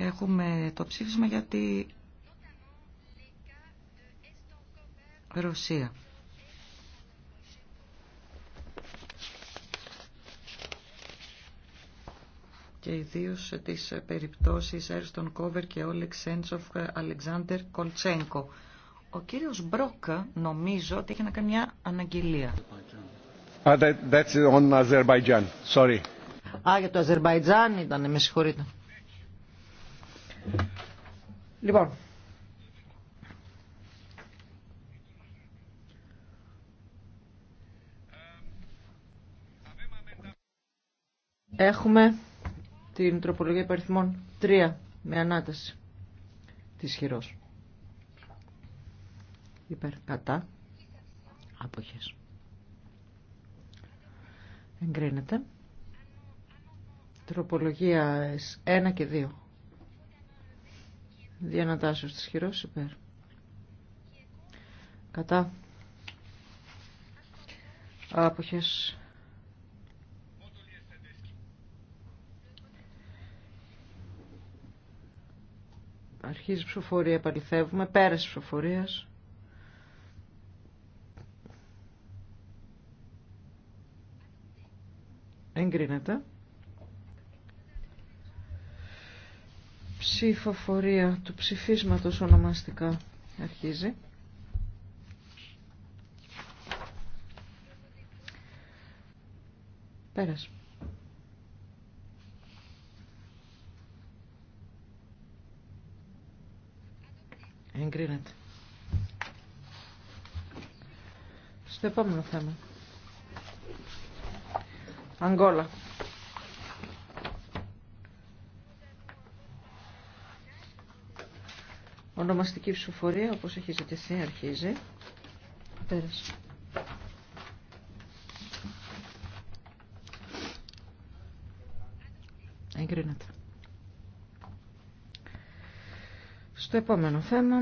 Έχουμε το ψήφισμα για τη Ρωσία. και ιδίω τις περιπτώσει Έρστον Κόβερ και Όλεξ Σέντσοφ Αλεξάνδρ Κολτσένκο. Ο κύριο Μπρόκ νομίζω ότι έχει να κάνει μια αναγγελία. Α, για το Αζερβαϊτζάν ήταν, με συγχωρείτε. Λοιπόν, έχουμε την τροπολογία υπαριθμών 3 με ανάταση της χειρός. Υπέρ, κατά, άποχες. Εγκρίνεται. Τροπολογία 1 και 2 διανατάσεως της χειρός υπέρ. Κατά. Άποχες. Αρχίζει η ψηφοφορία, επαληθεύουμε. Πέρας ψηφοφορίας. Εγκρίνεται. ψηφοφορία του ψηφίσματος ονομαστικά αρχίζει. Πέρασε. Εγκρίνεται. Στο επόμενο θέμα. Αγγόλα. Ονομαστική ψηφοφορία, όπως έχει ζητηθεί, αρχίζει. Πέρασε. Εγκρίνεται. Στο επόμενο θέμα,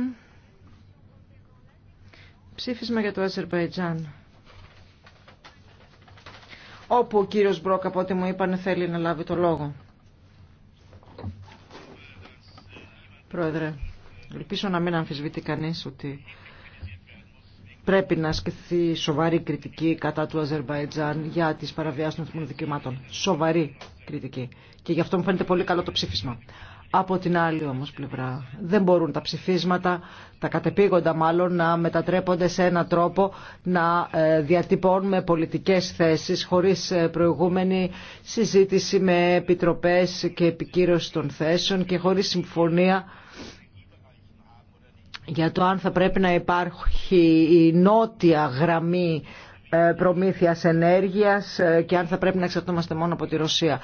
ψήφισμα για το Αζερβαϊτζάν όπου ο κύριος Μπρόκ από ό,τι μου είπαν θέλει να λάβει το λόγο. Πρόεδρε, Ελπίζω να μην αμφισβητεί κανείς ότι πρέπει να ασκηθεί σοβαρή κριτική κατά του Αζερβαϊτζάν για τις παραβιάσεις των εθνικών δικαιωμάτων. Σοβαρή κριτική. Και γι' αυτό μου φαίνεται πολύ καλό το ψήφισμα. Από την άλλη όμως πλευρά δεν μπορούν τα ψηφίσματα, τα κατεπήγοντα μάλλον, να μετατρέπονται σε έναν τρόπο να ε, διατυπώνουμε πολιτικές θέσεις χωρίς ε, προηγούμενη συζήτηση με επιτροπές και επικύρωση των θέσεων και χωρίς συμφωνία για το αν θα πρέπει να υπάρχει η νότια γραμμή ε, προμήθειας ενέργειας ε, και αν θα πρέπει να εξαρτώμαστε μόνο από τη Ρωσία.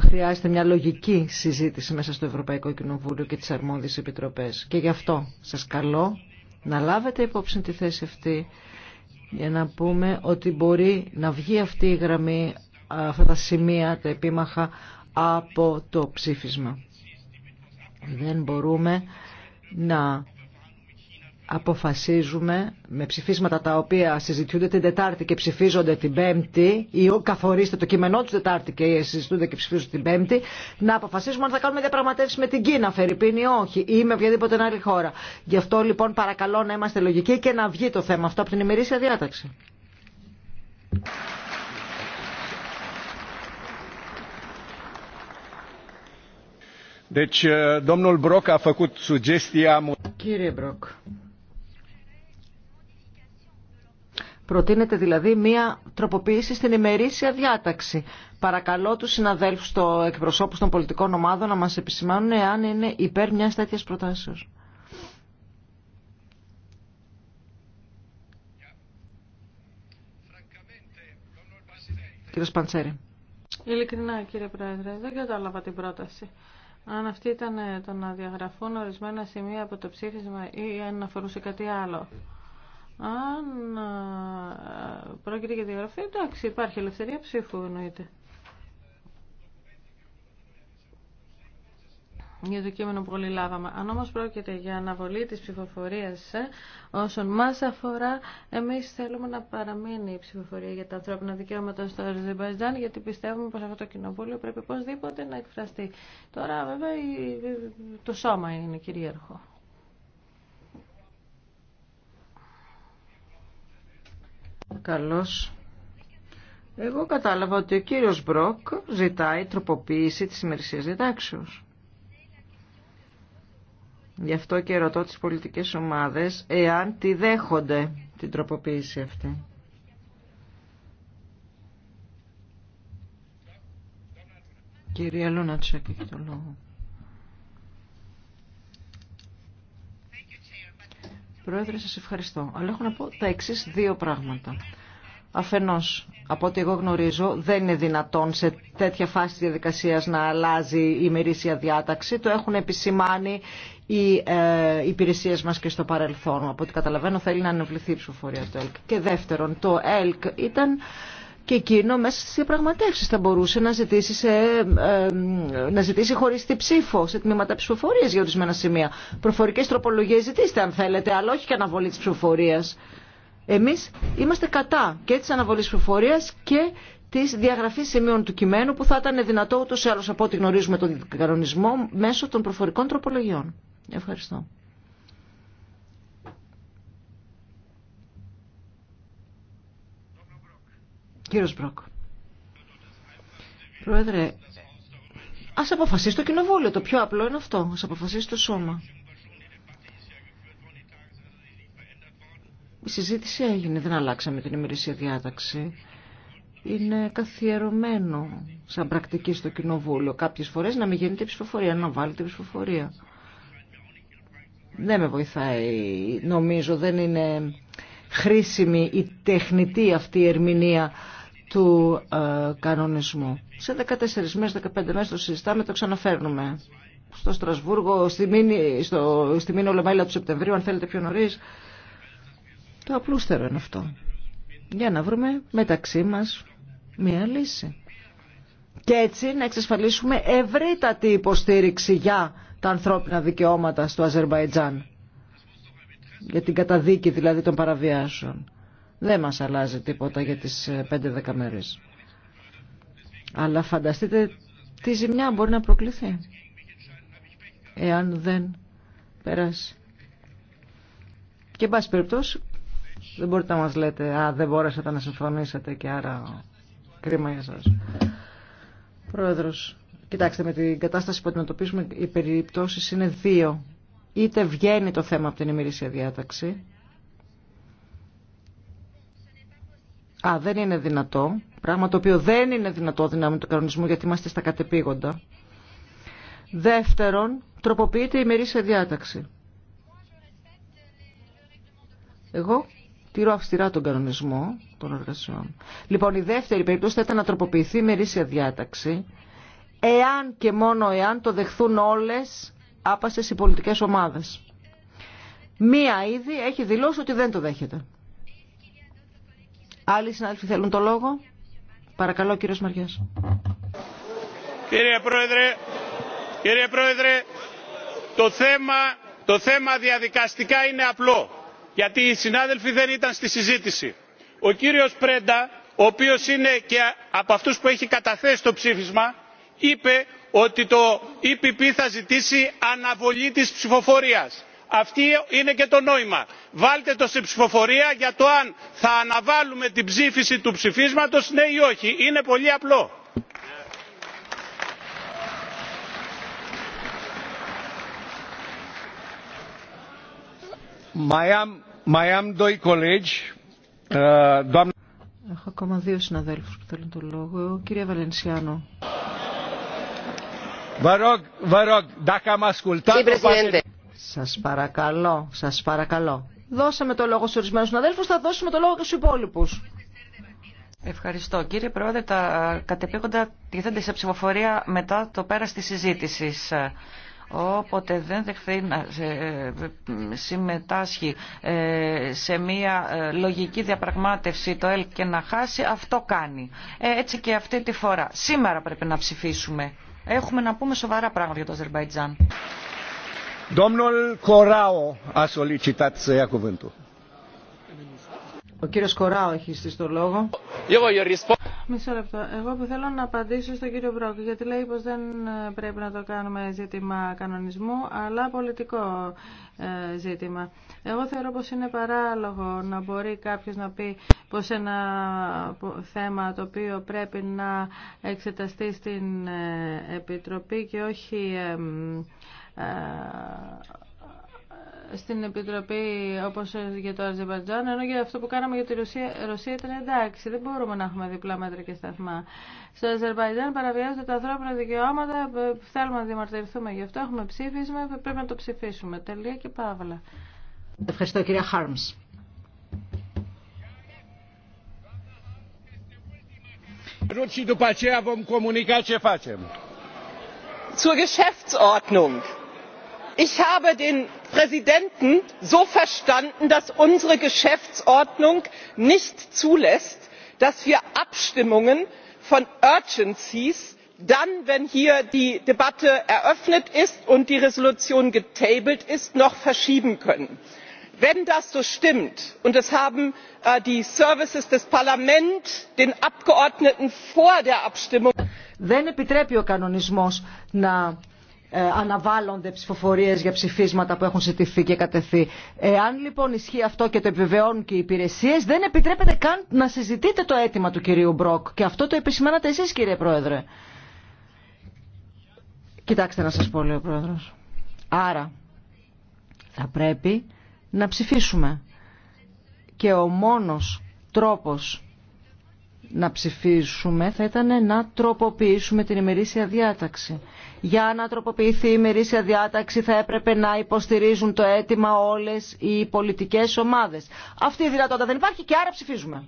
Χρειάζεται μια λογική συζήτηση μέσα στο Ευρωπαϊκό Κοινοβούλιο και τις αρμόδιες επιτροπές. Και γι' αυτό σας καλώ να λάβετε υπόψη τη θέση αυτή για να πούμε ότι μπορεί να βγει αυτή η γραμμή, αυτά τα σημεία, τα επίμαχα από το ψήφισμα. Δεν μπορούμε να αποφασίζουμε με ψηφίσματα τα οποία συζητιούνται την Τετάρτη και ψηφίζονται την Πέμπτη ή καθορίστε το κείμενό του Τετάρτη και συζητούνται και ψηφίζονται την Πέμπτη να αποφασίσουμε αν θα κάνουμε διαπραγματεύσει με την Κίνα, Φερρυπίνη ή όχι ή με οποιαδήποτε άλλη χώρα. Γι' αυτό λοιπόν παρακαλώ να είμαστε λογικοί και να βγει το θέμα αυτό από την ημερήσια διάταξη. Deci, domnul Broc a făcut sugestia... Κύριε Μπροκ, Προτείνεται δηλαδή μία τροποποίηση στην ημερήσια διάταξη. Παρακαλώ τους συναδέλφους, το εκπροσώπους των πολιτικών ομάδων να μας επισημάνουν εάν είναι υπέρ μιας τέτοιας προτάσεως. Κύριος Παντσέρη. Ειλικρινά κύριε Πρόεδρε, δεν κατάλαβα την πρόταση. Αν αυτή ήταν ε, το να διαγραφούν ορισμένα σημεία από το ψήφισμα ή αν αφορούσε κάτι άλλο. Αν ε, πρόκειται για διαγραφή, εντάξει, υπάρχει ελευθερία ψήφου εννοείται. για το κείμενο που όλοι λάβαμε. Αν όμως πρόκειται για αναβολή της ψηφοφορίας ε, όσον μας αφορά, εμείς θέλουμε να παραμείνει η ψηφοφορία για τα ανθρώπινα δικαιώματα στο Αζερβαϊτζάν, γιατί πιστεύουμε πως αυτό το κοινοβούλιο πρέπει οπωσδήποτε να εκφραστεί. Τώρα βέβαια το σώμα είναι κυρίαρχο. Καλώς. Εγώ κατάλαβα ότι ο κύριος Μπροκ ζητάει τροποποίηση της ημερησίας διατάξεως. Γι' αυτό και ρωτώ τις πολιτικές ομάδες εάν τη δέχονται την τροποποίηση αυτή. Κυρία τσέκει έχει το λόγο. Πρόεδρε, σας ευχαριστώ. Αλλά έχω να πω τα εξή δύο πράγματα. Αφενός, από ό,τι εγώ γνωρίζω, δεν είναι δυνατόν σε τέτοια φάση διαδικασίας να αλλάζει η ημερήσια διάταξη. Το έχουν επισημάνει οι ε, υπηρεσίες μας και στο παρελθόν. Από ό,τι καταλαβαίνω θέλει να ανεβληθεί η ψηφοφορία του ΕΛΚ. Και δεύτερον, το ΕΛΚ ήταν και εκείνο μέσα στις διαπραγματεύσεις θα μπορούσε να ζητήσει, σε, ε, ζητήσει χωρίς τη ψήφο, σε τμήματα ψηφοφορίας για ορισμένα σημεία. Προφορικές τροπολογίες ζητήστε αν θέλετε, αλλά όχι και αναβολή της ψηφοφορίας. Εμείς είμαστε κατά και της αναβολής ψηφοφορίας και τη διαγραφή σημείων του κειμένου που θα ήταν δυνατό ούτω ή άλλω από ό,τι γνωρίζουμε τον κανονισμό μέσω των προφορικών τροπολογιών. Ευχαριστώ. Κύριος Μπρόκ. Πρόεδρε, ας αποφασίσει το κοινοβούλιο. Το πιο απλό είναι αυτό. Ας αποφασίσει το σώμα. Η συζήτηση έγινε, δεν αλλάξαμε την ημερήσια διάταξη. Είναι καθιερωμένο σαν πρακτική στο κοινοβούλιο. Κάποιες φορές να μην γίνεται η ψηφοφορία, να βάλετε η ψηφοφορία. Δεν με βοηθάει, νομίζω, δεν είναι χρήσιμη η τεχνητή αυτή η ερμηνεία του ε, κανονισμού. Σε 14 μέρες, 15 μέρες το συζητάμε, το ξαναφέρνουμε. Στο Στρασβούργο, στη Μήνη, στο, στη Μήνη του Σεπτεμβρίου, αν θέλετε πιο νωρίς. Το απλούστερο είναι αυτό. Για να βρούμε μεταξύ μας μία λύση. Και έτσι να εξασφαλίσουμε ευρύτατη υποστήριξη για τα ανθρώπινα δικαιώματα στο Αζερβαϊτζάν. Για την καταδίκη δηλαδή των παραβιάσεων δεν μας αλλάζει τίποτα για τις 5-10 ε, μέρες. Αλλά φανταστείτε τι ζημιά μπορεί να προκληθεί εάν δεν περάσει. Και εν πάση περιπτώσει δεν μπορείτε να μας λέτε «Α, δεν μπόρεσατε να συμφωνήσετε και άρα κρίμα για σας». Πρόεδρος, κοιτάξτε με την κατάσταση που αντιμετωπίζουμε οι περιπτώσεις είναι δύο. Είτε βγαίνει το θέμα από την ημερήσια διάταξη Α, δεν είναι δυνατό. Πράγμα το οποίο δεν είναι δυνατό δυνάμει του κανονισμού γιατί είμαστε στα κατεπήγοντα. Δεύτερον, τροποποιείται η ημερήσια διάταξη. Εγώ τηρώ αυστηρά τον κανονισμό των εργασιών. Λοιπόν, η δεύτερη περίπτωση θα ήταν να τροποποιηθεί η ημερήσια διάταξη εάν και μόνο εάν το δεχθούν όλες άπασες οι πολιτικές ομάδες. Μία ήδη έχει δηλώσει ότι δεν το δέχεται. Άλλοι συνάδελφοι θέλουν το λόγο. Παρακαλώ, κύριος Μαριάς. Κύριε Πρόεδρε, κύριε Πρόεδρε, το θέμα, το θέμα διαδικαστικά είναι απλό, γιατί οι συνάδελφοι δεν ήταν στη συζήτηση. Ο κύριος Πρέντα, ο οποίος είναι και από αυτούς που έχει καταθέσει το ψήφισμα, είπε ότι το ΕΠΠ θα ζητήσει αναβολή της ψηφοφορίας αυτή είναι και το νόημα. βάλτε το στην ψηφοφορία για το αν θα αναβάλουμε την ψήφιση του ψηφίσματος ναι ή όχι. είναι πολύ απλό. Ε, Έχω ακόμα δύο συναδέλφους που θέλουν το λόγο. Κύριε Βαλενσιάνο. Κύριε Βαρόγκ, σας παρακαλώ, σας παρακαλώ. Δώσαμε το λόγο σε ορισμένους συναδέλφους, θα δώσουμε το λόγο και στους υπόλοιπους. Ευχαριστώ. Κύριε Πρόεδρε, τα κατεπήγοντα τίθενται σε ψηφοφορία μετά το πέρας της συζήτησης. Όποτε δεν δεχθεί να ε, ε, συμμετάσχει ε, σε μια λογική διαπραγμάτευση το ΕΛΚ και να χάσει, αυτό κάνει. Έτσι και αυτή τη φορά. Σήμερα πρέπει να ψηφίσουμε. Έχουμε να πούμε σοβαρά πράγματα για το Αζερβαϊτζάν. Ο κύριος Κοράο έχει στήσει το λόγο. Εγώ που θέλω να απαντήσω στον κύριο Μπρόκ, γιατί λέει πως δεν ε, πρέπει να το κάνουμε ζήτημα κανονισμού, αλλά πολιτικό ε, ζήτημα. Εγώ θεωρώ πως είναι παράλογο να μπορεί κάποιος να πει πως ένα θέμα το οποίο πρέπει να εξεταστεί στην ε, Επιτροπή και όχι ε, στην Επιτροπή όπως για το Αζερβαϊτζάν, ενώ για αυτό που κάναμε για τη Ρωσία, Ρωσία ήταν εντάξει. Δεν μπορούμε να έχουμε διπλά μέτρα και σταθμά. Στο Αζερβαϊτζάν παραβιάζονται τα ανθρώπινα δικαιώματα. Ε, θέλουμε να διαμαρτυρηθούμε γι' αυτό. Έχουμε ψήφισμα. Πρέπει να το ψηφίσουμε. Τελεία και παύλα. Ευχαριστώ κυρία Χάρμς ich habe den präsidenten so verstanden dass unsere geschäftsordnung nicht zulässt dass wir abstimmungen von urgencies dann wenn hier die debatte eröffnet ist und die entschließung getabelt ist noch verschieben können. wenn das so stimmt und das haben die services des parlaments den abgeordneten vor der abstimmung. Ε, αναβάλλονται ψηφοφορίες για ψηφίσματα που έχουν ζητηθεί και κατευθεί. Εάν λοιπόν ισχύει αυτό και το επιβεβαιώνουν και οι υπηρεσίες, δεν επιτρέπεται καν να συζητείτε το αίτημα του κυρίου Μπροκ. Και αυτό το επισημάνατε εσεί, κύριε Πρόεδρε. Κοιτάξτε να σας πω λέει ο Πρόεδρος. Άρα θα πρέπει να ψηφίσουμε. Και ο μόνος τρόπος να ψηφίσουμε θα ήταν να τροποποιήσουμε την ημερήσια διάταξη. Για να τροποποιηθεί η ημερήσια διάταξη θα έπρεπε να υποστηρίζουν το αίτημα όλες οι πολιτικές ομάδες. Αυτή η δυνατότητα δεν υπάρχει και άρα ψηφίζουμε.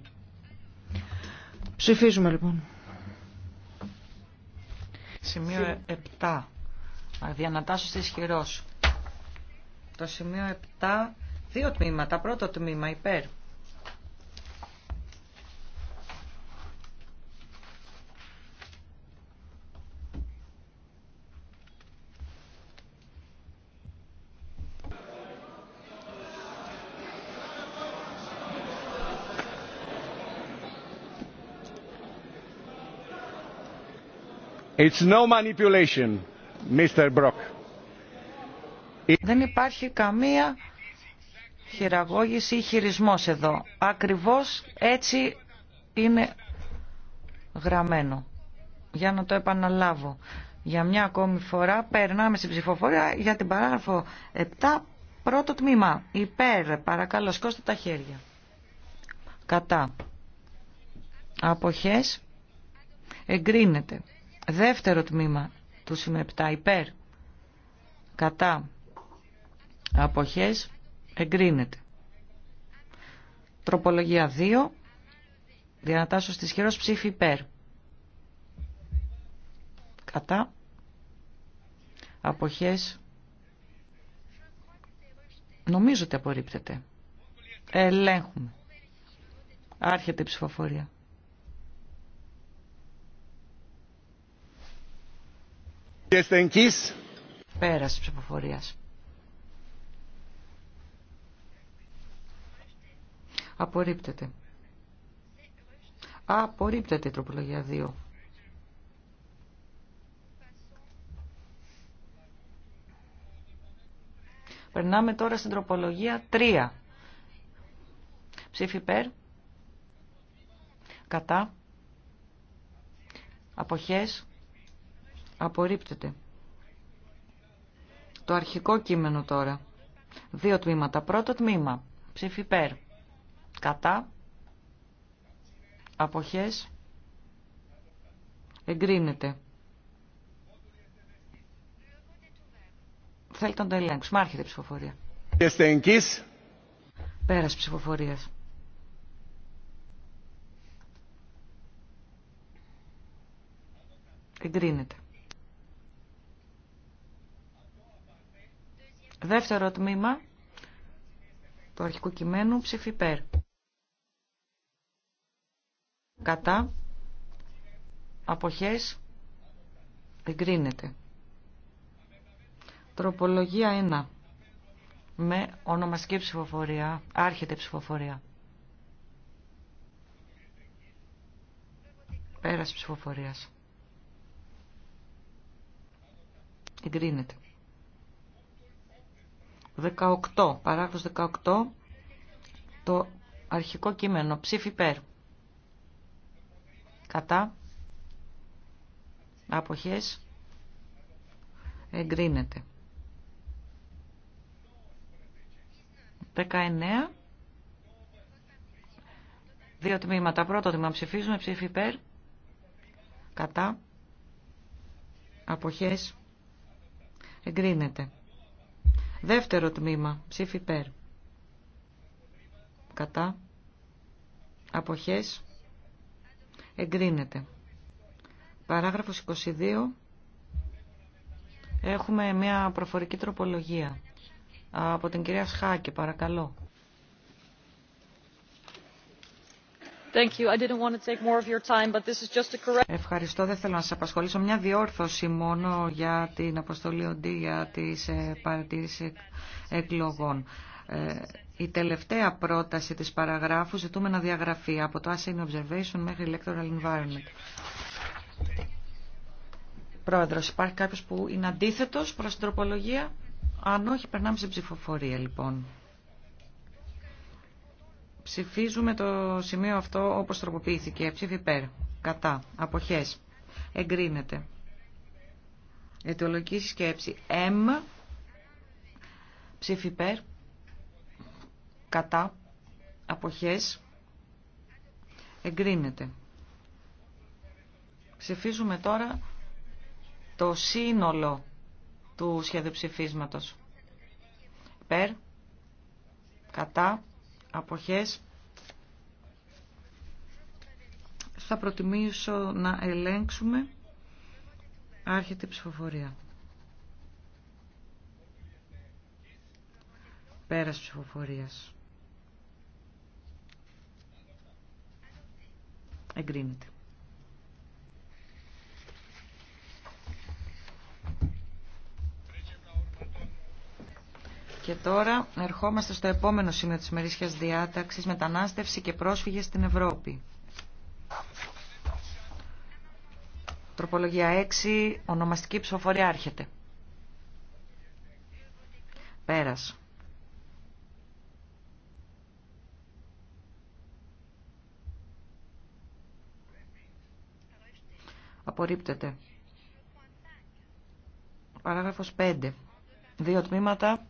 Ψηφίζουμε λοιπόν. Σημείο 7. Αδιανατάσσεως ισχυρός. Το σημείο 7. Δύο τμήματα. Πρώτο τμήμα υπέρ. It's no manipulation, Mr. Δεν υπάρχει καμία χειραγώγηση ή χειρισμός εδώ. Ακριβώς έτσι είναι γραμμένο. Για να το επαναλάβω. Για μια ακόμη φορά περνάμε στην ψηφοφορία για την παράγραφο 7 πρώτο τμήμα. Υπέρ, παρακαλώ, σκώστε τα χέρια. Κατά. Αποχές. Εγκρίνεται. Δεύτερο τμήμα του ΣΥΜΕΠΤΑ υπέρ κατά αποχές εγκρίνεται. Τροπολογία 2 διανατάσσω στις χειρός ψήφι υπέρ κατά αποχές νομίζω ότι απορρίπτεται. Ελέγχουμε. Άρχεται η ψηφοφορία. Este închis. ψηφοφορία. Απορρίπτεται. Απορρίπτεται η τροπολογία 2. Περνάμε τώρα στην τροπολογία 3. Ψήφι υπέρ. Κατά. Αποχές. Απορρίπτεται. Το αρχικό κείμενο τώρα. Δύο τμήματα. Πρώτο τμήμα. Ψήφι Κατά. Αποχές. Εγκρίνεται. Θέλετε να το ελέγξουμε. Άρχεται η ψηφοφορία. Πέρας ψηφοφορίας. Εγκρίνεται. Δεύτερο τμήμα του αρχικού κειμένου ψηφιπέρ Κατά. Αποχές. Εγκρίνεται. Τροπολογία 1. Με ονομαστική ψηφοφορία. Άρχεται ψηφοφορία. Πέρας ψηφοφορίας. Εγκρίνεται. 18, παράγραφος 18, το αρχικό κείμενο, ψήφι υπέρ. Κατά. Αποχές. Εγκρίνεται. 19. Δύο τμήματα. Πρώτο τμήμα ψηφίζουμε ψήφι υπέρ. Κατά. Αποχές. Εγκρίνεται. Δεύτερο τμήμα. Ψήφι ΠΕΡ, Κατά. Αποχές. Εγκρίνεται. Παράγραφος 22. Έχουμε μια προφορική τροπολογία. Από την κυρία Σχάκη, παρακαλώ. Ευχαριστώ. Δεν θέλω να σας απασχολήσω. Μια διόρθωση μόνο για την αποστολή οντί για τις ε, παρατήρηση εκλογών. Ε, η τελευταία πρόταση της παραγράφου ζητούμε να διαγραφεί από το Asian Observation μέχρι Electoral Environment. Πρόεδρος, υπάρχει κάποιος που είναι αντίθετος προς την τροπολογία. Αν όχι, περνάμε σε ψηφοφορία λοιπόν. Ψηφίζουμε το σημείο αυτό όπως τροποποιήθηκε. Ψήφι υπέρ. Κατά. Αποχές. Εγκρίνεται. Αιτιολογική σκέψη. ΕΜ. Ψήφι υπέρ. Κατά. Αποχές. Εγκρίνεται. Ψηφίζουμε τώρα το σύνολο του σχέδιου ψηφίσματος. Περ, Κατά αποχές θα προτιμήσω να ελέγξουμε άρχεται η ψηφοφορία. Πέρας ψηφοφορίας. Εγκρίνεται. Και τώρα ερχόμαστε στο επόμενο σημείο της μερίσιας διάταξης, μετανάστευση και πρόσφυγες στην Ευρώπη. Τροπολογία 6, ονομαστική ψηφοφορία άρχεται. Πέρας. Απορρίπτεται. Παράγραφος 5. Δύο τμήματα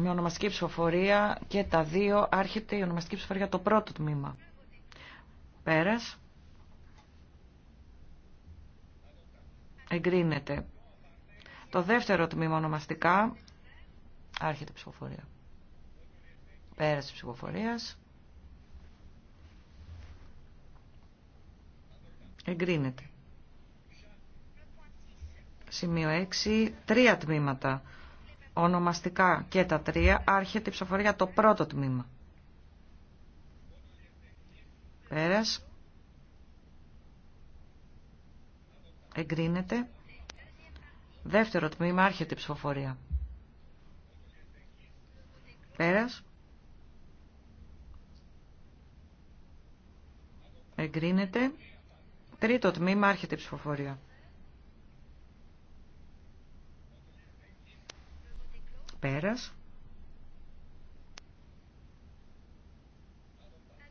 με ονομαστική ψηφοφορία και τα δύο άρχεται η ονομαστική ψηφοφορία το πρώτο τμήμα. Πέρας. Εγκρίνεται. Το δεύτερο τμήμα ονομαστικά άρχεται η ψηφοφορία. Πέρας της ψηφοφορίας. Εγκρίνεται. Σημείο 6. Τρία τμήματα ονομαστικά και τα τρία, άρχεται η ψηφοφορία το πρώτο τμήμα. Πέρας. Εγκρίνεται. Δεύτερο τμήμα, άρχεται η ψηφοφορία. Πέρας. Εγκρίνεται. Τρίτο τμήμα, άρχεται η ψηφοφορία. Πέρας.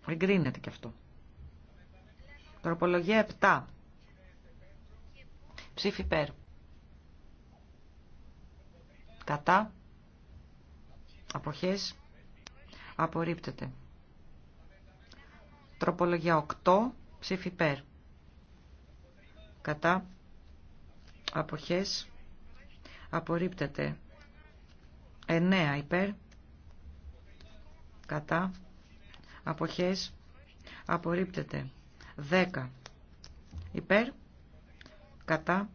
Εγκρίνεται και αυτό. Τροπολογία 7. Ψήφι ΠΕΡ. Κατά. Αποχές. Απορρίπτεται. Τροπολογία 8. Ψήφι ΠΕΡ. Κατά. Αποχές. Απορρίπτεται. 9 υπέρ κατά αποχές απορρίπτεται 10 υπέρ κατά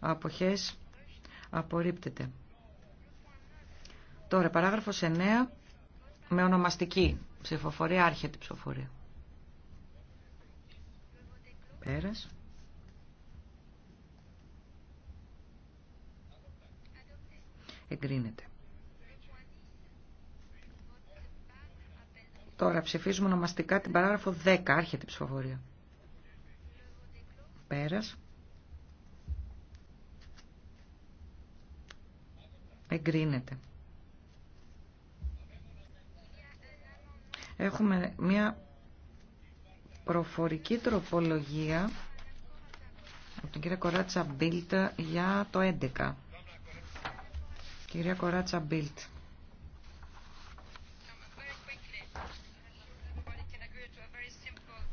αποχές απορρίπτεται τώρα παράγραφος 9 με ονομαστική ψηφοφορία άρχεται ψηφοφορία πέρας εγκρίνεται Τώρα ψηφίζουμε ονομαστικά την παράγραφο 10. Άρχεται η ψηφοφορία. Πέρας. Εγκρίνεται. Έχουμε μια προφορική τροπολογία από την κυρία Κοράτσα Μπίλτ για το 11. Κυρία Κοράτσα Μπίλτ.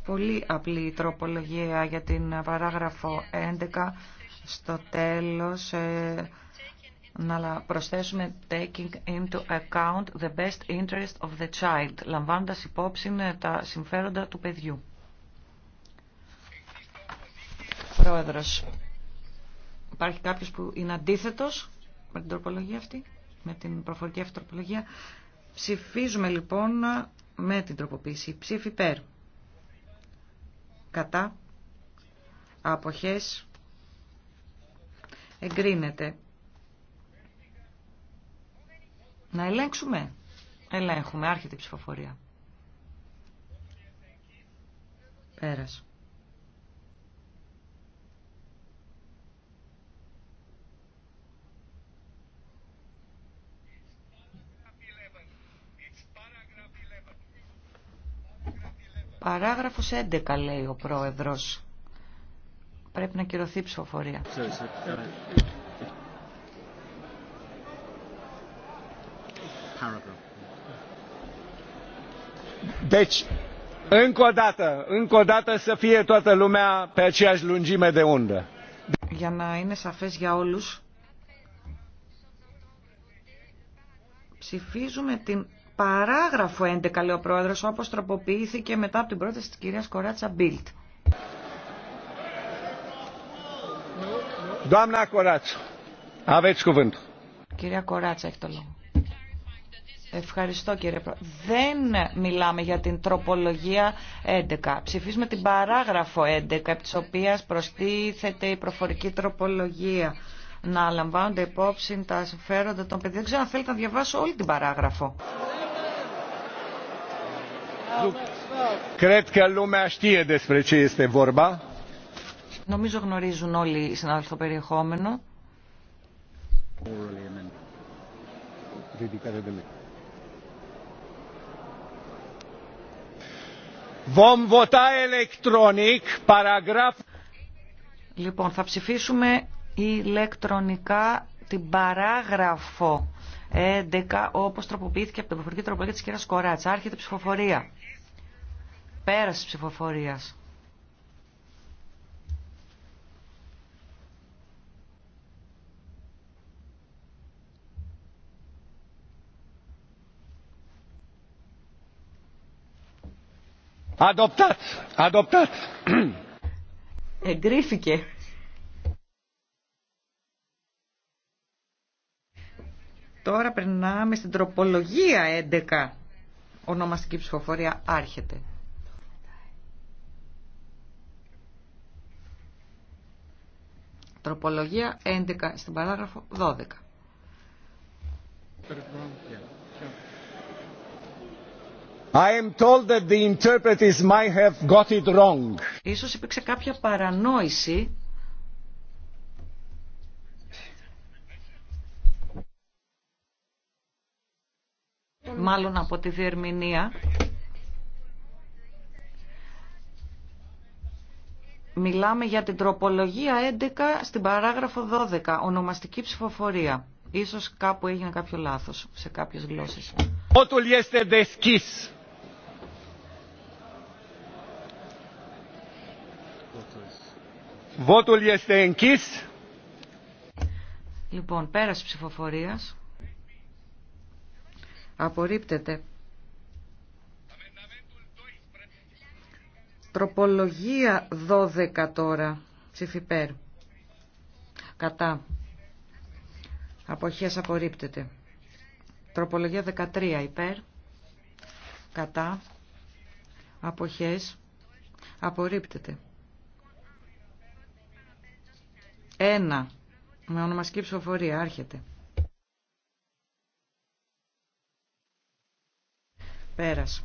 πολύ απλή τροπολογία για την παράγραφο 11 στο τέλος ε, να προσθέσουμε taking into account the best interest of the child, λαμβάνοντας υπόψη ε, τα συμφέροντα του παιδιού. Πρόεδρος, υπάρχει κάποιος που είναι αντίθετος με την τροπολογία αυτή, με την προφορική αυτή τροπολογία. Ψηφίζουμε λοιπόν με την τροποποίηση. Ψήφι κατά αποχές εγκρίνεται. Να ελέγξουμε. Ελέγχουμε. Άρχεται η ψηφοφορία. Πέρασε. Παράγραφος 11 λέει ο πρόεδρος. Πρέπει να κυρωθεί ψηφοφορία. Deci, încă o dată, încă o dată să fie toată lumea pe aceeași lungime de undă. Για να είναι σαφές για όλους, ψηφίζουμε την παράγραφο 11, λέει ο πρόεδρο όπω τροποποιήθηκε μετά από την πρόταση τη κυρία Κοράτσα Μπίλτ. Κυρία Κοράτσα, έχει το λόγο. Ευχαριστώ κύριε Πρόεδρε. Δεν μιλάμε για την τροπολογία 11. Ψηφίζουμε την παράγραφο 11, επί της οποίας προστίθεται η προφορική τροπολογία. Να λαμβάνονται υπόψη τα συμφέροντα των παιδιών. Δεν ξέρω αν θέλετε να διαβάσω όλη την παράγραφο cred că lumea știe despre ce este vorba. Νομίζω γνωρίζουν όλοι οι συνάδελφοι το περιεχόμενο. Λοιπόν, θα ψηφίσουμε ηλεκτρονικά την παράγραφο 11 όπως τροποποιήθηκε από την προφορική τροπολογία της κυρίας Κοράτσα. Άρχεται ψηφοφορία. Πέραση ψηφοφορία. Adoptat. Adoptat. Εγκρίθηκε. Τώρα περνάμε στην τροπολογία 11. Ονομαστική ψηφοφορία άρχεται. Τροπολογία 11 στην παράγραφο 12. I am told that the interpreters might have got it wrong. Ίσως υπήρξε κάποια παρανόηση. Μάλλον από τη διερμηνία. Μιλάμε για την τροπολογία 11 στην παράγραφο 12, ονομαστική ψηφοφορία. Ίσως κάπου έγινε κάποιο λάθος σε κάποιες γλώσσες. Λοιπόν, πέρασε ψηφοφορίας. Απορρίπτεται. Τροπολογία 12 τώρα. Ψηφιπέρ. Κατά. Αποχές απορρίπτεται. Τροπολογία 13 υπέρ. Κατά. Αποχές απορρίπτεται. Ένα, Με ονομαστική ψηφοφορία. Άρχεται. Πέρασε.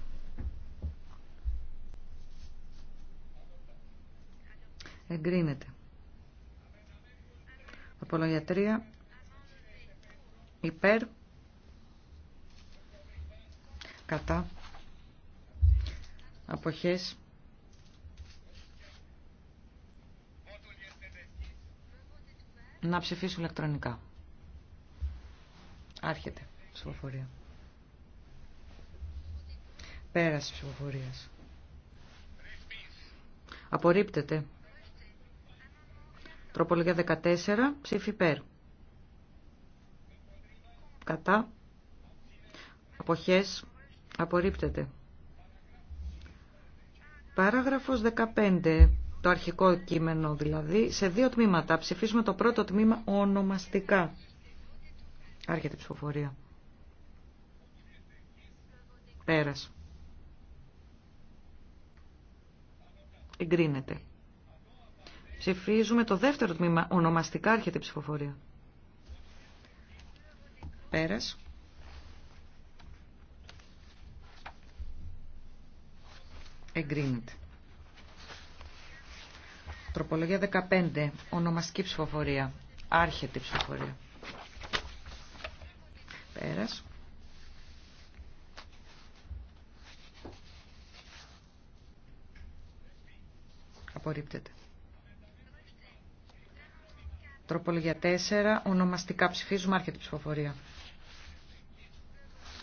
εγκρίνεται. Απολογιατρία υπέρ κατά αποχές να ψηφίσουν ηλεκτρονικά. Άρχεται ψηφοφορία. Πέραση ψηφοφορίας. Απορρίπτεται. Τροπολογία 14, ψήφι υπέρ. Κατά. Αποχές. Απορρίπτεται. Παράγραφος 15, το αρχικό κείμενο δηλαδή, σε δύο τμήματα. Ψηφίσουμε το πρώτο τμήμα ονομαστικά. Άρχεται η ψηφοφορία. Πέρας. Εγκρίνεται. Ψηφίζουμε το δεύτερο τμήμα. Ονομαστικά έρχεται η ψηφοφορία. Πέρας. Εγκρίνεται. Τροπολογία 15. Ονομαστική ψηφοφορία. Άρχεται η ψηφοφορία. Πέρας. Απορρίπτεται. Τροπολογία 4. Ονομαστικά ψηφίζουμε. Άρχεται η ψηφοφορία.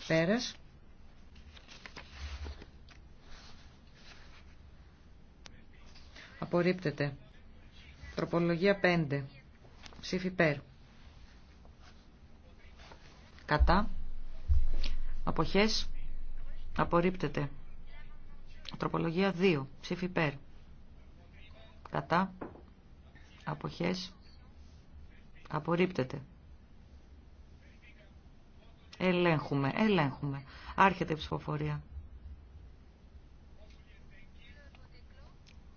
Πέρας. Απορρίπτεται. Τροπολογία 5. Ψήφι υπέρ. Κατά. Αποχές. Απορρίπτεται. Τροπολογία 2. Ψήφι υπέρ. Κατά. Αποχές. Απορρίπτεται. Ελέγχουμε, ελέγχουμε. Άρχεται η ψηφοφορία.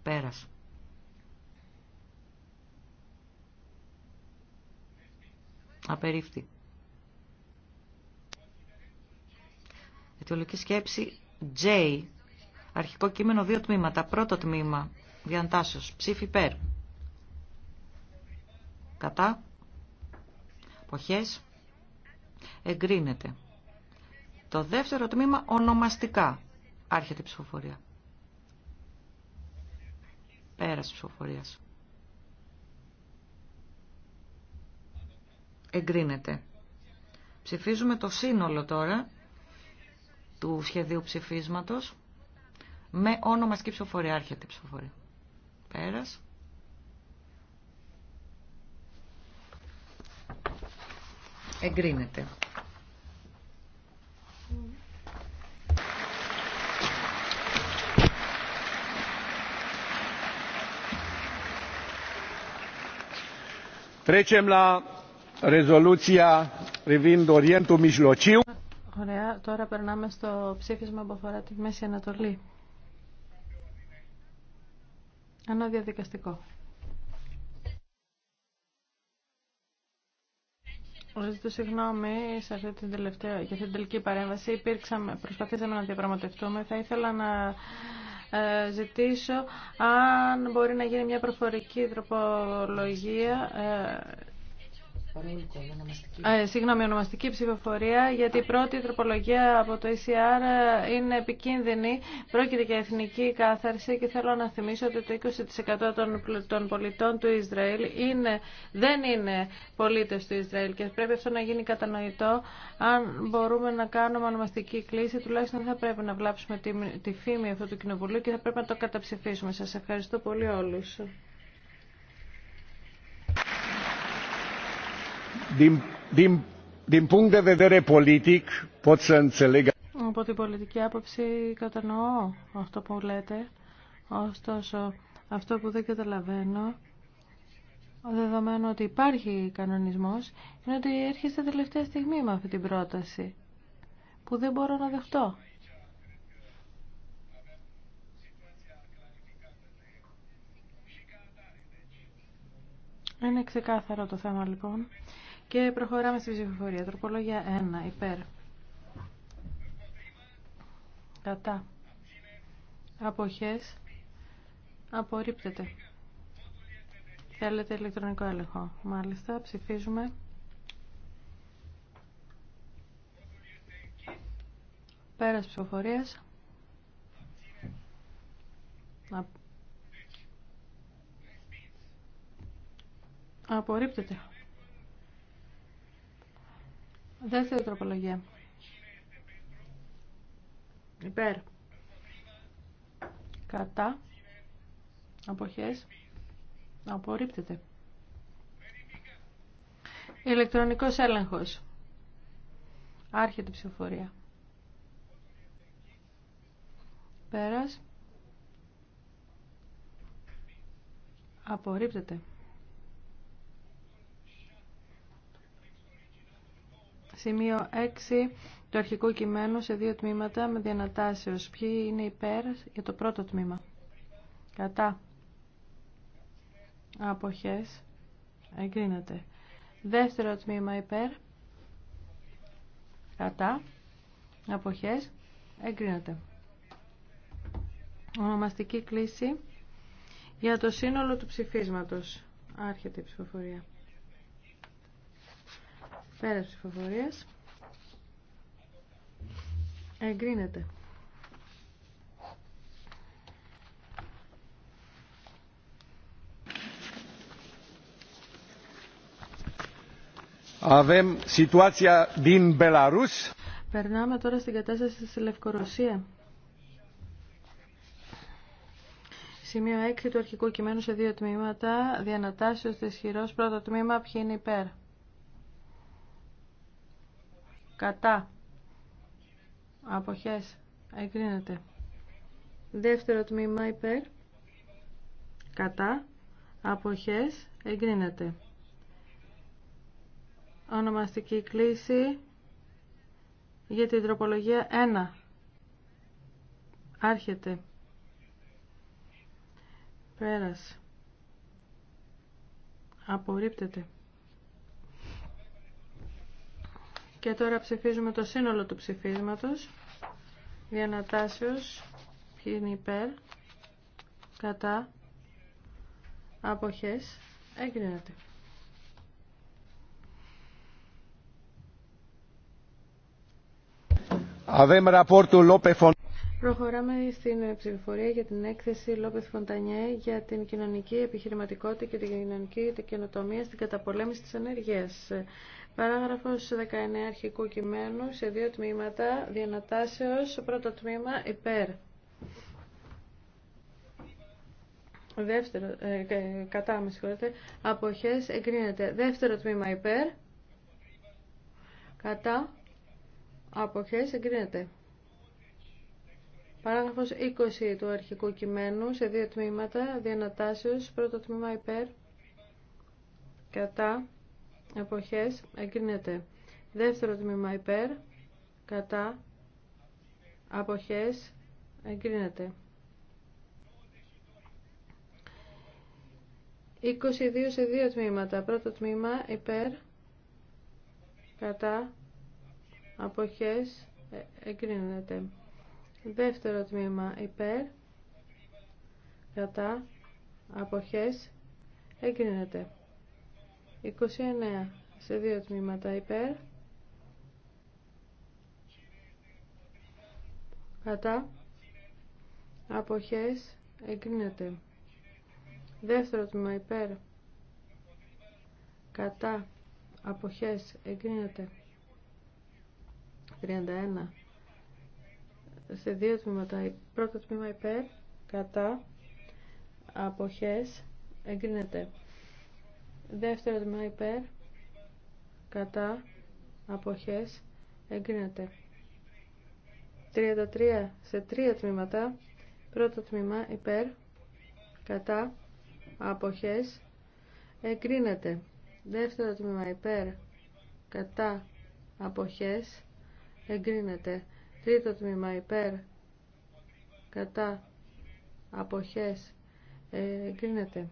Πέρας. Απερίφθη. Αιτιολογική σκέψη J. Αρχικό κείμενο δύο τμήματα. Πρώτο τμήμα. Διαντάσεως. Ψήφι ΠΕΡ. Κατά. Εποχές, Εγκρίνεται. Το δεύτερο τμήμα ονομαστικά. Άρχεται η ψηφοφορία. Πέρας ψηφοφορίας. Εγκρίνεται. Ψηφίζουμε το σύνολο τώρα του σχεδίου ψηφίσματος με ονομαστική ψηφοφορία. Άρχεται η ψηφοφορία. Πέρας. Εγκρίνεται. Ωραία, τώρα περνάμε στο ψήφισμα που αφορά τη Μέση Ανατολή. Αναδιαδικαστικό. Ζητώ συγγνώμη σε αυτή την τελευταία, για αυτή την τελική παρέμβαση. Υπήρξαμε, προσπαθήσαμε να διαπραγματευτούμε. Θα ήθελα να ε, ζητήσω αν μπορεί να γίνει μια προφορική τροπολογία ε, ε, συγγνώμη, ονομαστική ψηφοφορία, γιατί η πρώτη τροπολογία από το ECR είναι επικίνδυνη. Πρόκειται για εθνική κάθαρση και θέλω να θυμίσω ότι το 20% των, πολιτών του Ισραήλ είναι, δεν είναι πολίτες του Ισραήλ και πρέπει αυτό να γίνει κατανοητό. Αν μπορούμε να κάνουμε ονομαστική κλίση, τουλάχιστον θα πρέπει να βλάψουμε τη, φήμη αυτού του κοινοβουλίου και θα πρέπει να το καταψηφίσουμε. Σας ευχαριστώ πολύ όλους. Από την πολιτική άποψη κατανοώ αυτό που λέτε. Ωστόσο, αυτό που δεν καταλαβαίνω δεδομένου ότι υπάρχει κανονισμός, είναι ότι έρχεστε τελευταία στιγμή με αυτή την πρόταση, που δεν μπορώ να δεχτώ. Είναι ξεκάθαρο το θέμα λοιπόν. Και προχωράμε στη ψηφοφορία. Τροπολογία 1. Υπέρ. Κατά. Αποχές. Απορρίπτεται. Θέλετε ηλεκτρονικό έλεγχο. Μάλιστα, ψηφίζουμε. Πέρας ψηφοφορίας. Απορρίπτεται. Δεύτερη τροπολογία. Υπέρ. Κατά. Αποχές. Απορρίπτεται. Ηλεκτρονικός έλεγχος. Άρχεται η ψηφοφορία. Πέρας. Απορρίπτεται. Σημείο 6 του αρχικού κειμένου σε δύο τμήματα με διανατάσεως. Ποιοι είναι υπέρ για το πρώτο τμήμα. Κατά. Αποχές. Εγκρίνεται. Δεύτερο τμήμα υπέρ. Κατά. Αποχές. Εγκρίνεται. Ονομαστική κλίση για το σύνολο του ψηφίσματος. Άρχεται η ψηφοφορία τη ψηφοφορίες. Εγκρίνεται. Avem situația din Belarus. Περνάμε τώρα στην κατάσταση στη Λευκορωσία. Σημείο 6 του αρχικού κειμένου σε δύο τμήματα. Διανατάσσεως της χειρός πρώτο τμήμα. Ποιοι είναι υπέρ κατά αποχές εγκρίνεται δεύτερο τμήμα υπέρ κατά αποχές εγκρίνεται ονομαστική κλίση για την τροπολογία 1 άρχεται πέρας απορρίπτεται Και τώρα ψηφίζουμε το σύνολο του ψηφίσματος. Διανατάσεως, ποιοι είναι υπέρ, κατά, αποχές, εγκρίνεται. Προχωράμε στην ψηφοφορία για την έκθεση Λόπεθ Φοντανιέ για την κοινωνική επιχειρηματικότητα και την κοινωνική καινοτομία στην καταπολέμηση της ενέργειας. Παράγραφος 19 αρχικού κειμένου σε δύο τμήματα διανατάσεως. Πρώτο τμήμα υπέρ. Δεύτερο, ε, κατά, με συγχωρείτε, αποχές εγκρίνεται. Δεύτερο τμήμα υπέρ. Κατά, αποχές εγκρίνεται. Παράγραφος 20 του αρχικού κειμένου σε δύο τμήματα διανατάσεως. Πρώτο τμήμα υπέρ. Κατά, Αποχές εγκρίνεται. Δεύτερο τμήμα υπέρ. Κατά. Αποχές εγκρίνεται. 22 σε δύο τμήματα. Πρώτο τμήμα υπέρ. Κατά. Αποχές ε, εγκρίνεται. Δεύτερο τμήμα υπέρ. Κατά. Αποχές εγκρίνεται. 29 σε δύο τμήματα υπέρ. Κατά. Αποχές εγκρίνεται. Δεύτερο τμήμα υπέρ. Κατά. Αποχές εγκρίνεται. 31. Σε δύο τμήματα. Πρώτο τμήμα υπέρ. Κατά. Αποχές εγκρίνεται. Δεύτερο τμήμα υπέρ, κατά, αποχές, εγκρίνεται. 33 σε τρία τμήματα. Πρώτο τμήμα υπέρ, κατά, αποχές, εγκρίνεται. Δεύτερο τμήμα υπέρ, κατά, αποχές, εγκρίνεται. Τρίτο τμήμα υπέρ, κατά, αποχές, εγκρίνεται.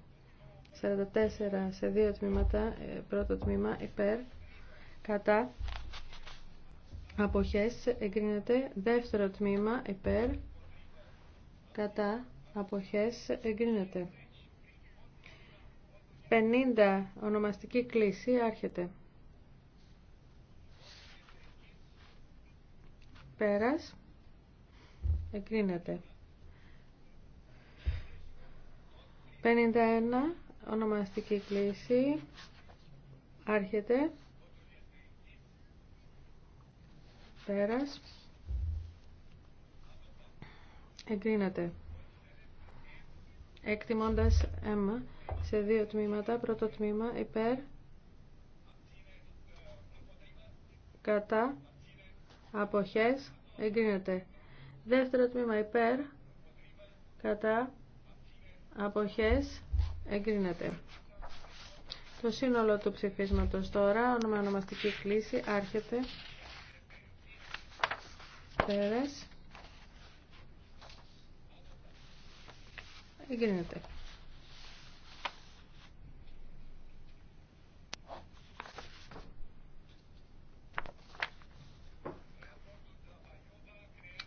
44 σε δύο τμήματα, ε, πρώτο τμήμα υπέρ, κατά, αποχές εγκρίνεται, δεύτερο τμήμα υπέρ, κατά, αποχές εγκρίνεται. 50 ονομαστική κλίση άρχεται. Πέρας εγκρίνεται. 51 ονομαστική κλίση άρχεται πέρας εγκρίνεται εκτιμώντας M σε δύο τμήματα πρώτο τμήμα υπέρ κατά αποχές εγκρίνεται δεύτερο τμήμα υπέρ κατά αποχές Εγκρίνεται. Το σύνολο του ψηφίσματος τώρα, με ονομαστική κλίση, άρχεται. Πέρας. Εγκρίνεται.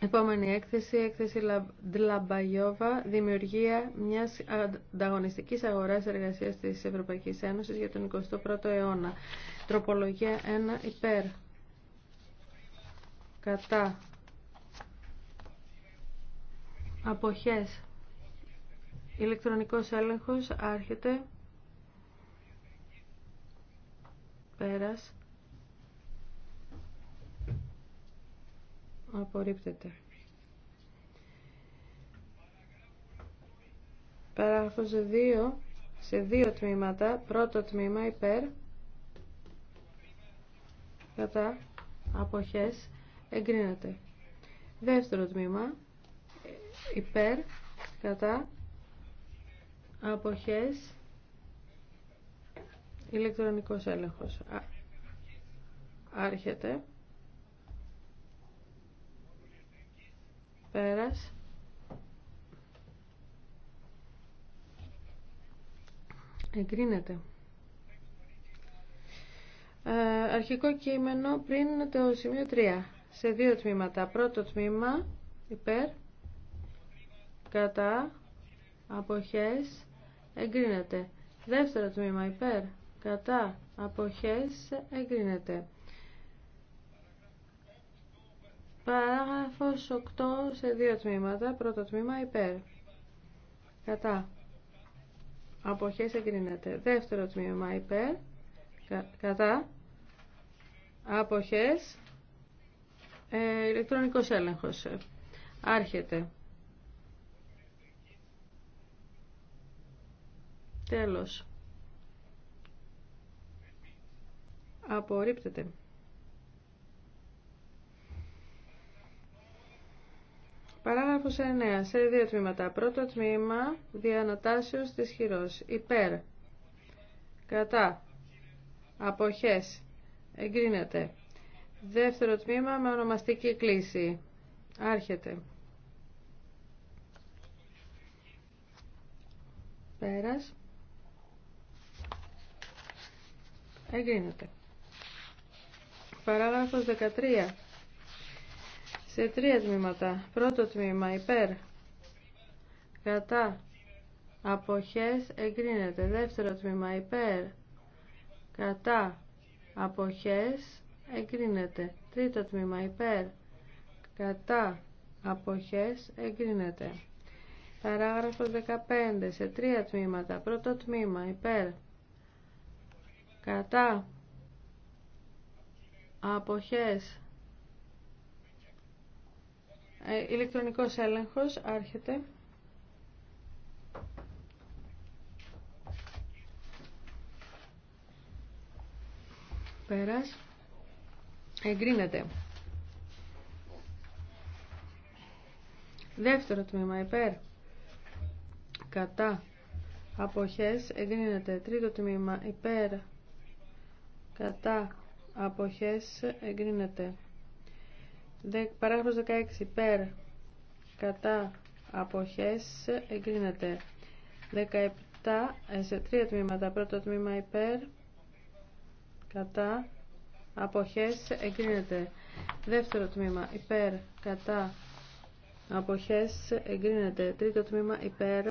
Επόμενη έκθεση, έκθεση Ντλαμπαγιόβα, δημιουργία μιας ανταγωνιστικής αγοράς εργασίας της Ευρωπαϊκής Ένωσης για τον 21ο αιώνα. Τροπολογία 1 υπέρ. Κατά. Αποχές. Ηλεκτρονικός έλεγχος άρχεται. Πέρας. απορρίπτεται. Παράγραφος 2 σε δύο τμήματα. Πρώτο τμήμα υπέρ κατά αποχές εγκρίνεται. Δεύτερο τμήμα υπέρ κατά αποχές ηλεκτρονικός έλεγχος. Άρχεται. Εγκρίνεται. Ε, αρχικό κείμενο πριν το σημείο 3. Σε δύο τμήματα. Πρώτο τμήμα υπέρ, κατά, αποχές, εγκρίνεται. Δεύτερο τμήμα υπέρ, κατά, αποχές, εγκρίνεται. Παράγραφος 8 σε δύο τμήματα. Πρώτο τμήμα υπέρ. Κατά. Αποχές εγκρίνεται. Δεύτερο τμήμα υπέρ. Κατά. Αποχές. Ε, ηλεκτρονικός έλεγχος. Άρχεται. Τέλος. Απορρίπτεται. Παράγραφο 9. Σε δύο τμήματα. Πρώτο τμήμα διανοτάσεως της χειρός. Υπέρ. Κατά. Αποχές. Εγκρίνεται. Δεύτερο τμήμα με ονομαστική κλίση. Άρχεται. Πέρας. Εγκρίνεται. Παράγραφος 13 σε τρία τμήματα. Πρώτο τμήμα υπέρ, κατά, αποχές, εγκρίνεται. Δεύτερο τμήμα υπέρ, κατά, αποχές, εγκρίνεται. Τρίτο τμήμα υπέρ, κατά, αποχές, εγκρίνεται. Παράγραφος 15. Σε τρία τμήματα. Πρώτο τμήμα υπέρ, κατά, αποχές, ε, ηλεκτρονικός έλεγχος άρχεται. Πέρας. Εγκρίνεται. Δεύτερο τμήμα υπέρ. Κατά. Αποχές εγκρίνεται. Τρίτο τμήμα υπέρ. Κατά. Αποχές εγκρίνεται. Παράγραφος 16. Υπέρ. Κατά. Αποχές. Εγκρίνεται. 17. Ε, σε τρία τμήματα. Πρώτο τμήμα υπέρ. Κατά. Αποχές. Εγκρίνεται. Δεύτερο τμήμα. Υπέρ. Κατά. Αποχές. Εγκρίνεται. Τρίτο τμήμα. Υπέρ.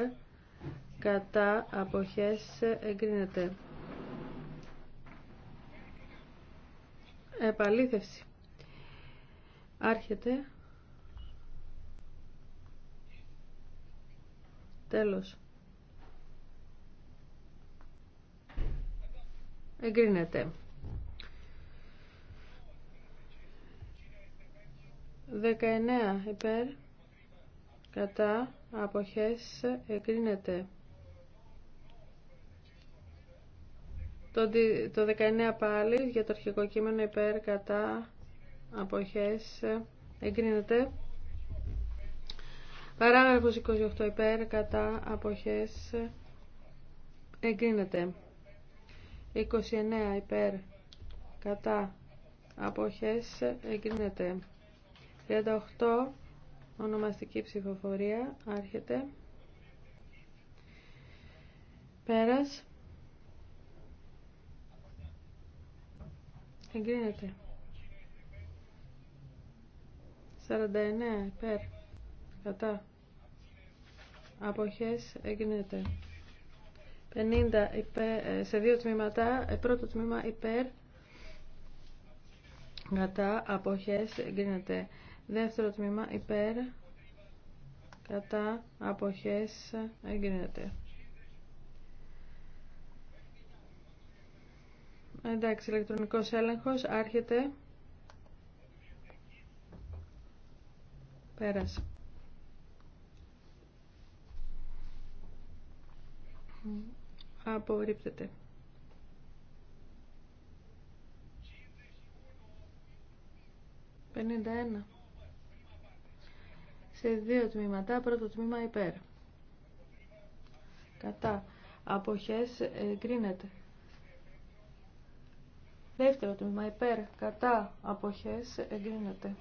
Κατά. Αποχές. Εγκρίνεται. Επαλήθευση. Άρχεται. Τέλος. Εγκρίνεται. Δεκαεννέα υπέρ. Κατά. Αποχές. Εγκρίνεται. Το 19 πάλι για το αρχικό κείμενο υπέρ κατά αποχές εγκρίνεται παράγραφος 28 υπέρ κατά αποχές εγκρίνεται 29 υπέρ κατά αποχές εγκρίνεται 38 ονομαστική ψηφοφορία άρχεται πέρας εγκρίνεται 49 υπέρ κατά αποχές εγκρίνεται 50 υπέρ, ε, σε δύο τμήματα ε, πρώτο τμήμα υπέρ κατά αποχές εγκρίνεται δεύτερο τμήμα υπέρ κατά αποχές εγκρίνεται εντάξει ηλεκτρονικός έλεγχος άρχεται Πέρασε. Απορρίπτεται. Πενήντα Σε δύο τμήματα. Πρώτο τμήμα υπέρ. Κατά. Αποχές εγκρίνεται. Δεύτερο τμήμα υπέρ. Κατά. Αποχές εγκρίνεται.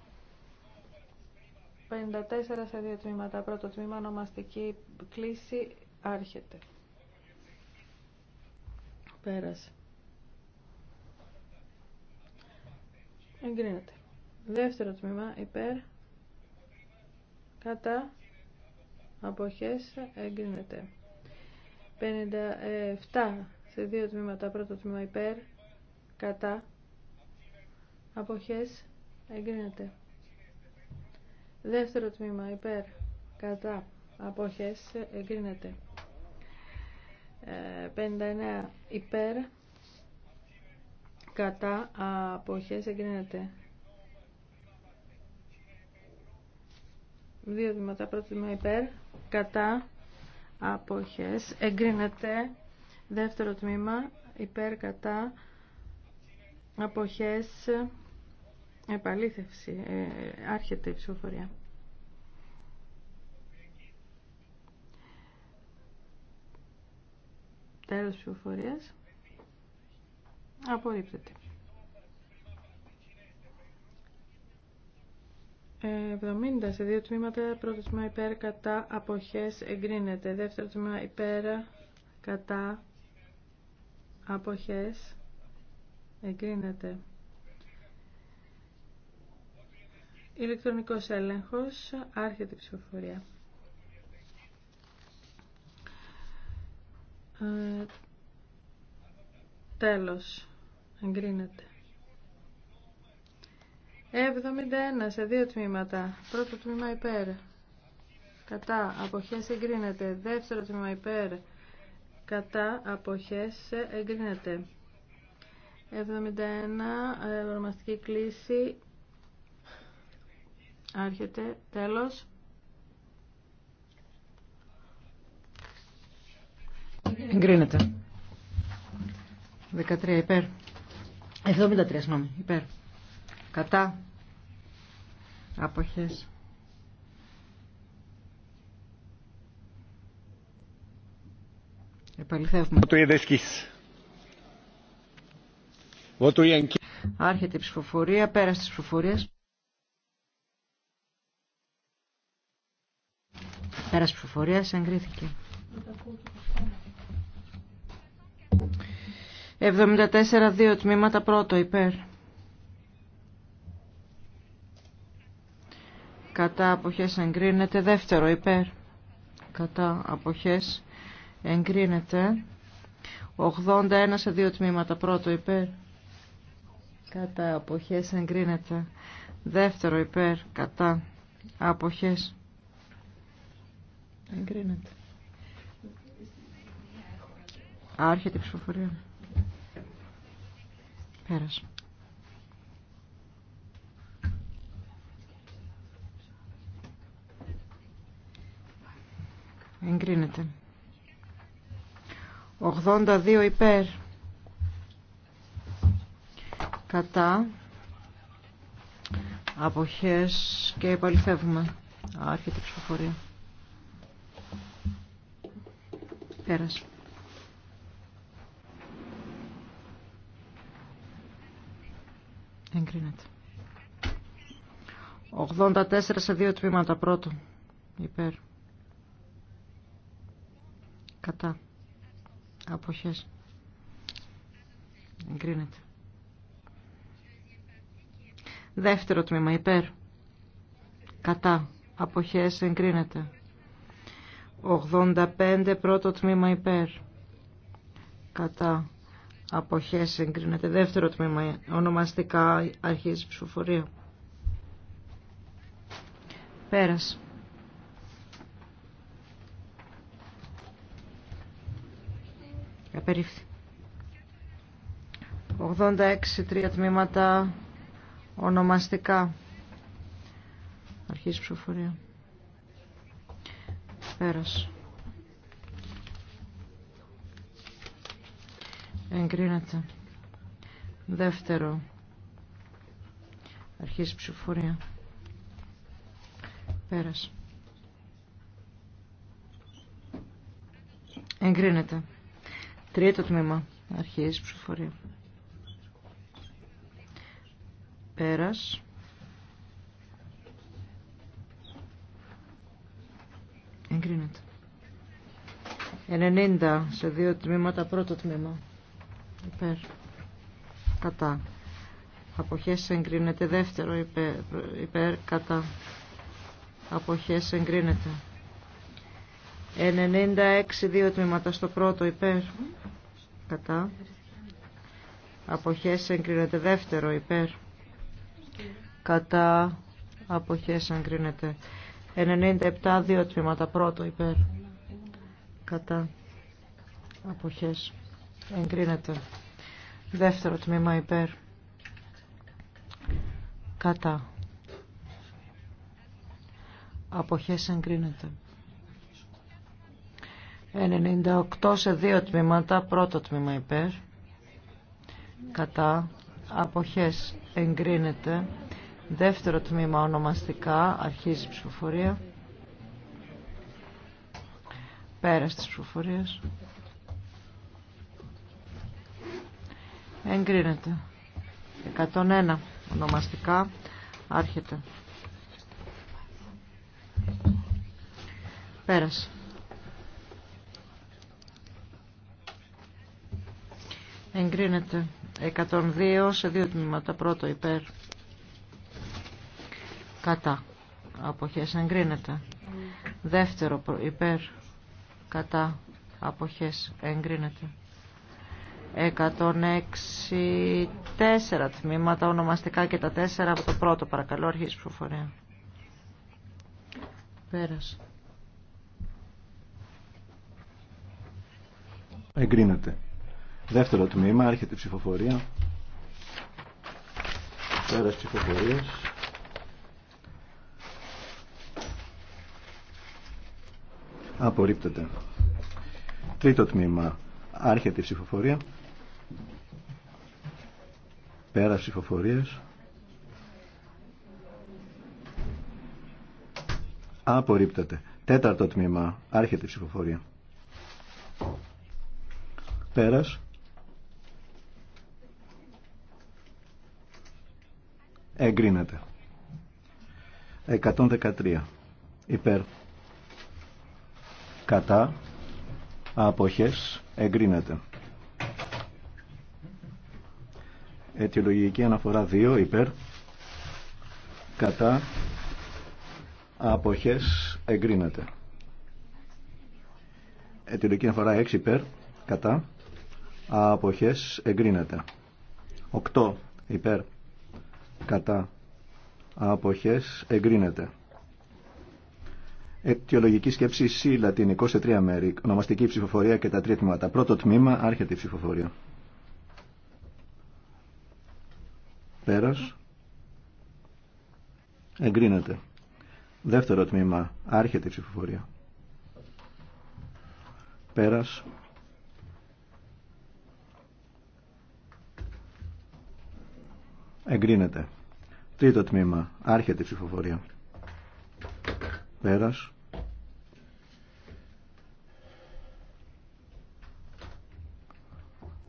54 σε δύο τμήματα. Πρώτο τμήμα ονομαστική κλίση άρχεται. Πέρασε. Εγκρίνεται. Δεύτερο τμήμα υπέρ κατά αποχές εγκρίνεται. 57 σε δύο τμήματα. Πρώτο τμήμα υπέρ κατά αποχές εγκρίνεται. Δεύτερο τμήμα υπέρ κατά αποχές εγκρίνεται. 59 ε, υπέρ κατά αποχές εγκρίνεται. Δύο τμήματα πρώτο τμήμα υπέρ κατά αποχές εγκρίνεται. Δεύτερο τμήμα υπέρ κατά αποχές Επαλήθευση. Ε, άρχεται η ψηφοφορία. Τέλος ψηφοφορίας. Απορρίπτεται. 70 σε δύο τμήματα. Πρώτο τμήμα υπέρ κατά αποχές εγκρίνεται. Δεύτερο τμήμα υπέρ κατά αποχές εγκρίνεται. Ηλεκτρονικός έλεγχος, άρχεται η ψηφοφορία. Ε, τέλος, εγκρίνεται. 71 σε δύο τμήματα. Πρώτο τμήμα υπέρ. Κατά, αποχές εγκρίνεται. Δεύτερο τμήμα υπέρ. Κατά, αποχές εγκρίνεται. 71, ε, ονομαστική κλίση, Άρχεται. Τέλος. Εγκρίνεται. 13 υπέρ. 73 συγγνώμη. Υπέρ. Κατά. Αποχές. Επαληθεύουμε. Άρχεται η ψηφοφορία. πέρασες τη ψηφοφορίας. Πέρας ψηφοφορίας εγκρίθηκε. 74-2 τμήματα πρώτο υπέρ. Κατά αποχές εγκρίνεται δεύτερο υπέρ. Κατά αποχές εγκρίνεται 81 σε δύο τμήματα πρώτο υπέρ. Κατά αποχές εγκρίνεται δεύτερο υπέρ. Κατά αποχές Εγκρίνεται. Άρχεται η ψηφοφορία. Πέρασε. Εγκρίνεται. 82 υπέρ. Κατά. Αποχές και επαληθεύουμε. Άρχεται η ψηφοφορία. Πέρας. Εγκρίνεται. 84 σε δύο τμήματα. Πρώτο. Υπέρ. Κατά. Αποχές. Εγκρίνεται. Δεύτερο τμήμα. Υπέρ. Κατά. Αποχές. Εγκρίνεται. 85 πρώτο τμήμα υπέρ. Κατά. Αποχές εγκρίνεται. Δεύτερο τμήμα ονομαστικά αρχίζει ψηφοφορία. Πέρας. Απερίφθη. 86 τρία τμήματα ονομαστικά. αρχής ψηφοφορία. Πέρας. Εγκρίνεται. Δεύτερο. Αρχής ψηφοφορία. Πέρας. Εγκρίνεται. Τρίτο τμήμα. Αρχής ψηφοφορία. Πέρας. εγκρίνεται. 90 σε δύο τμήματα, πρώτο τμήμα. Υπέρ. Κατά. Αποχές εγκρίνεται. Δεύτερο υπέρ, υπέρ κατά. Αποχές εγκρίνεται. 96 δύο τμήματα στο πρώτο υπέρ. Κατά. Αποχές εγκρίνεται. Δεύτερο υπέρ. Κατά. Αποχές εγκρίνεται. 97 δύο τμήματα. Πρώτο υπέρ. Κατά. Αποχές. Εγκρίνεται. Δεύτερο τμήμα υπέρ. Κατά. Αποχές εγκρίνεται. 98 σε δύο τμήματα. Πρώτο τμήμα υπέρ. Κατά. Αποχές εγκρίνεται. Δεύτερο τμήμα ονομαστικά, αρχίζει η ψηφοφορία. Πέρας της ψηφοφορίας. Εγκρίνεται. 101 ονομαστικά, άρχεται. Πέρασε. Εγκρίνεται. 102 σε δύο τμήματα. Πρώτο υπέρ κατά αποχές εγκρίνεται δεύτερο υπέρ κατά αποχές εγκρίνεται 106 τέσσερα τμήματα ονομαστικά και τα τέσσερα από το πρώτο παρακαλώ αρχής ψηφοφορία. πέρας εγκρίνεται δεύτερο τμήμα έρχεται η ψηφοφορία πέρας ψηφοφορίας Απορρίπτεται. Τρίτο τμήμα. Άρχεται η ψηφοφορία. Πέρα ψηφοφορίες. Απορρίπτεται. Τέταρτο τμήμα. Άρχεται η ψηφοφορία. Πέρας. Εγκρίνεται. 113. Υπέρ κατά αποχές εγκρίνεται. Αιτιολογική αναφορά 2 υπέρ κατά αποχές εγκρίνεται. Αιτιολογική αναφορά 6 υπέρ κατά αποχές εγκρίνεται. 8 υπέρ κατά αποχές εγκρίνεται. Αιτιολογική σκέψη C, λατινικό σε τρία μέρη. Ονομαστική ψηφοφορία και τα τρία τμήματα. Πρώτο τμήμα, άρχεται η ψηφοφορία. Πέρα. Εγκρίνεται. Δεύτερο τμήμα, άρχεται η ψηφοφορία. Πέρα. Εγκρίνεται. Τρίτο τμήμα, άρχεται η ψηφοφορία. Πέρας.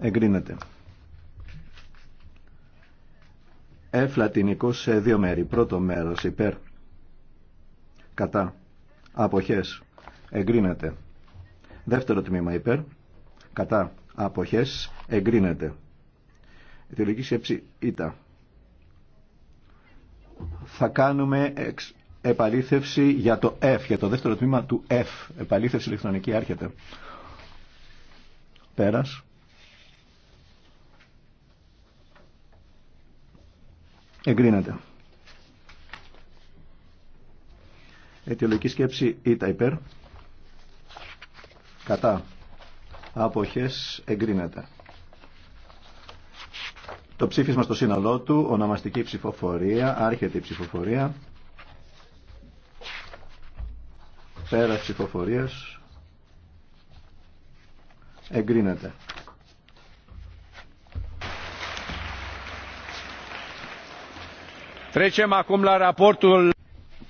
εγκρίνεται. F ε, λατινικό σε δύο μέρη. Πρώτο μέρος υπέρ. Κατά. Αποχές. Εγκρίνεται. Δεύτερο τμήμα υπέρ. Κατά. Αποχές. Εγκρίνεται. Η τελική σκέψη ήταν. Θα κάνουμε επαλήθευση για το F, για το δεύτερο τμήμα του F. Επαλήθευση ηλεκτρονική άρχεται. Πέρας. Εγκρίνεται. Αιτιολογική σκέψη τα υπέρ. Κατά. Αποχές εγκρίνεται. Το ψήφισμα στο σύνολό του, ονομαστική ψηφοφορία, άρχεται η ψηφοφορία. Πέρα ψηφοφορίας. Εγκρίνεται.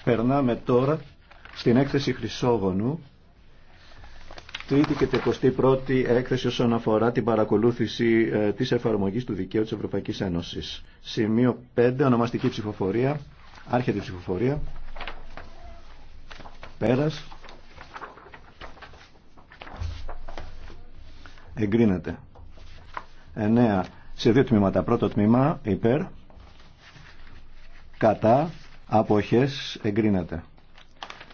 Περνάμε τώρα στην έκθεση Χρυσόγονου, τρίτη και τεκοστή πρώτη έκθεση όσον αφορά την παρακολούθηση ε, της εφαρμογής του δικαίου της Ευρωπαϊκής Ένωσης. Σημείο 5, ονομαστική ψηφοφορία, άρχεται ψηφοφορία, πέρας, εγκρίνεται. 9. Σε δύο τμήματα. Πρώτο τμήμα υπέρ κατά αποχές εγκρίνεται.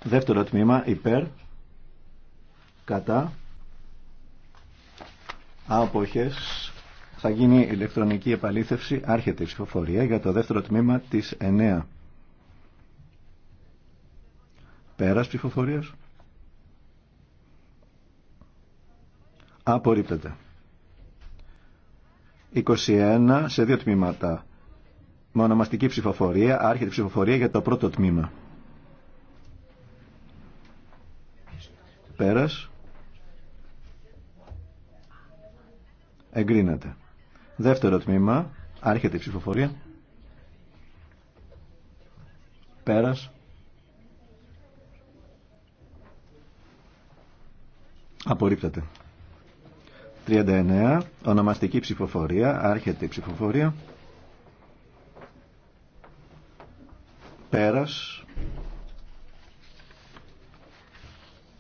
Δεύτερο τμήμα υπέρ κατά αποχές θα γίνει ηλεκτρονική επαλήθευση άρχεται η ψηφοφορία για το δεύτερο τμήμα της 9 πέρας ψηφοφορίας απορρίπτεται 21 σε δύο τμήματα με ονομαστική ψηφοφορία, άρχεται ψηφοφορία για το πρώτο τμήμα. Πέρας. Εγκρίνεται. Δεύτερο τμήμα, άρχεται η ψηφοφορία. Πέρας. Απορρίπτεται. 39. Ονομαστική ψηφοφορία. Άρχεται η ψηφοφορία. Πέρας.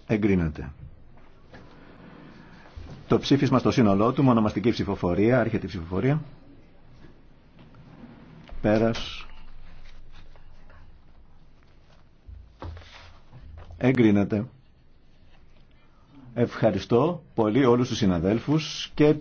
Εγκρίνεται. Το ψήφισμα στο σύνολό του, μονομαστική ψηφοφορία, άρχεται η ψηφοφορία. Πέρας. Εγκρίνεται. Ευχαριστώ πολύ όλους τους συναδέλφους και